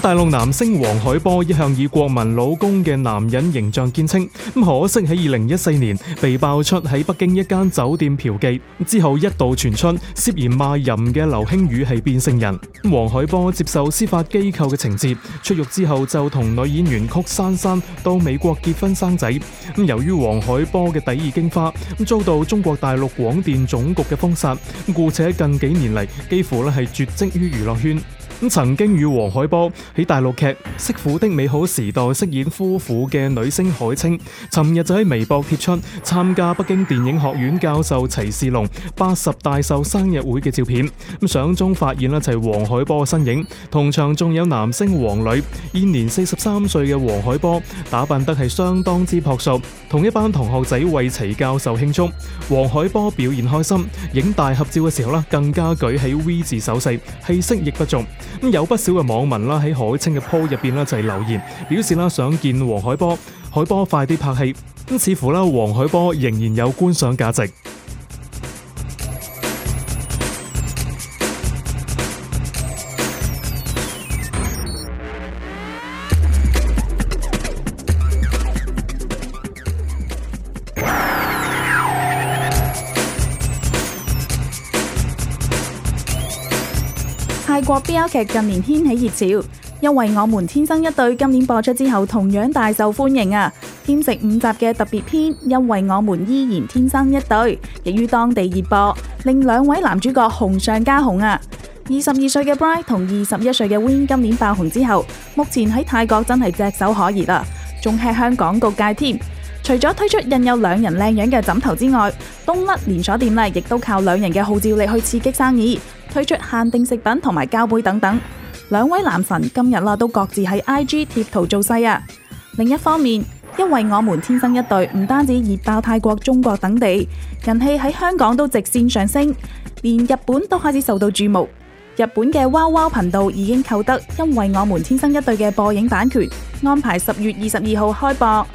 大陸男星黃海波一向以國民老公嘅男人形象見稱，咁可惜喺二零一四年被爆出喺北京一間酒店嫖妓，之後一度傳出涉嫌賣淫嘅劉興宇係變性人。黃海波接受司法機構嘅情節，出獄之後就同女演員曲珊珊到美國結婚生仔。咁由於黃海波嘅第二驚花，咁遭到中國大陸廣電總局嘅封殺，故且近幾年嚟，幾乎咧係絕跡於娛樂圈。曾經與黃海波喺大陸劇《媳婦的美好時代》飾演夫婦嘅女星海清，尋日就喺微博貼出參加北京電影學院教授齊士龍八十大壽生日會嘅照片。咁相中發現啦，就係黃海波身影，同場仲有男星黃磊。現年四十三歲嘅黃海波打扮得係相當之樸素，同一班同學仔為齊教授慶祝。黃海波表現開心，影大合照嘅時候啦，更加舉起 V 字手勢，氣色亦不俗。有不少嘅網民啦，喺海清嘅 post 入邊就留言，表示想見黃海波，海波快啲拍戲。似乎啦，黃海波仍然有觀賞價值。泰國 BL 劇近年掀起熱潮，因為我們天生一對今年播出之後，同樣大受歡迎啊！添食五集嘅特別篇，因為我們依然天生一對，亦於當地熱播，令兩位男主角紅上加紅啊！二十二歲嘅 Bright 同二十一歲嘅 Win 今年爆紅之後，目前喺泰國真係炙手可熱啦、啊，仲吃香港告界添。除咗推出印有兩人靚樣嘅枕頭之外，東甩連鎖店咧亦都靠兩人嘅號召力去刺激生意，推出限定食品同埋膠杯等等。兩位男神今日啦都各自喺 IG 貼圖造勢啊！另一方面，因為我們天生一對，唔單止熱爆泰國、中國等地，人氣喺香港都直線上升，連日本都開始受到注目。日本嘅 WOWOW 頻道已經購得因為我們天生一對嘅播映版權，安排十月二十二號開播。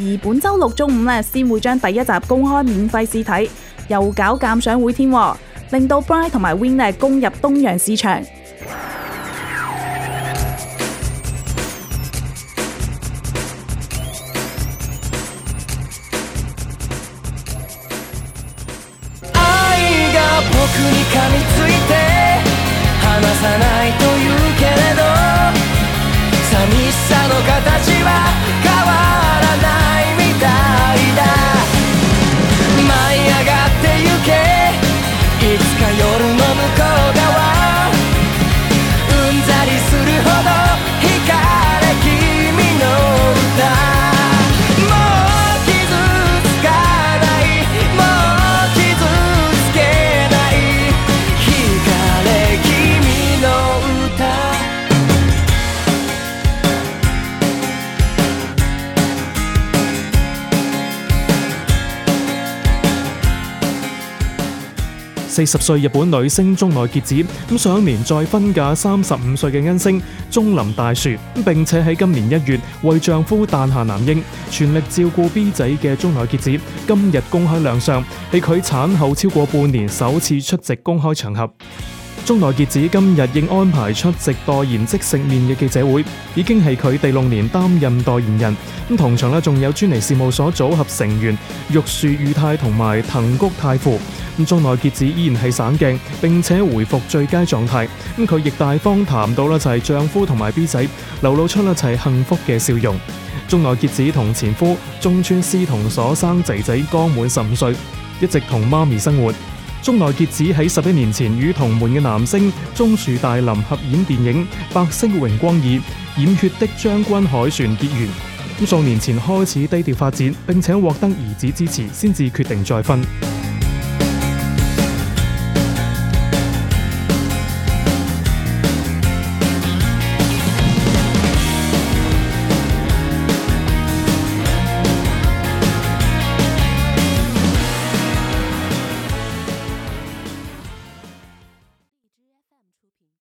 而本周六中午呢，先會將第一集公開免費試睇，又搞鑑賞會添，令到 Bry 同埋 Win 呢攻入東洋市場。四十歲日本女星竹內結子，咁上一年再婚嫁三十五歲嘅恩星中林大樹，並且喺今年一月為丈夫誕下男嬰，全力照顧 B 仔嘅竹內結子，今日公開亮相，係佢產後超過半年首次出席公開場合。竹內結子今日應安排出席代言即食麵嘅記者會，已經係佢第六年擔任代言人。咁同場咧仲有尊尼事務所組合成員玉樹裕太同埋藤谷太輔。咁竹內結子依然係省鏡，並且回復最佳狀態。咁佢亦大方談到咧就係丈夫同埋 B 仔流露出一齊幸福嘅笑容。竹內結子同前夫中村獅童所生仔仔剛滿十五歲，一直同媽咪生活。中內杰子喺十一年前與同門嘅男星鍾樹大林合演電影《白色榮光二》，染血的將軍海船結緣。咁數年前開始低調發展，並且獲得兒子支持，先至決定再婚。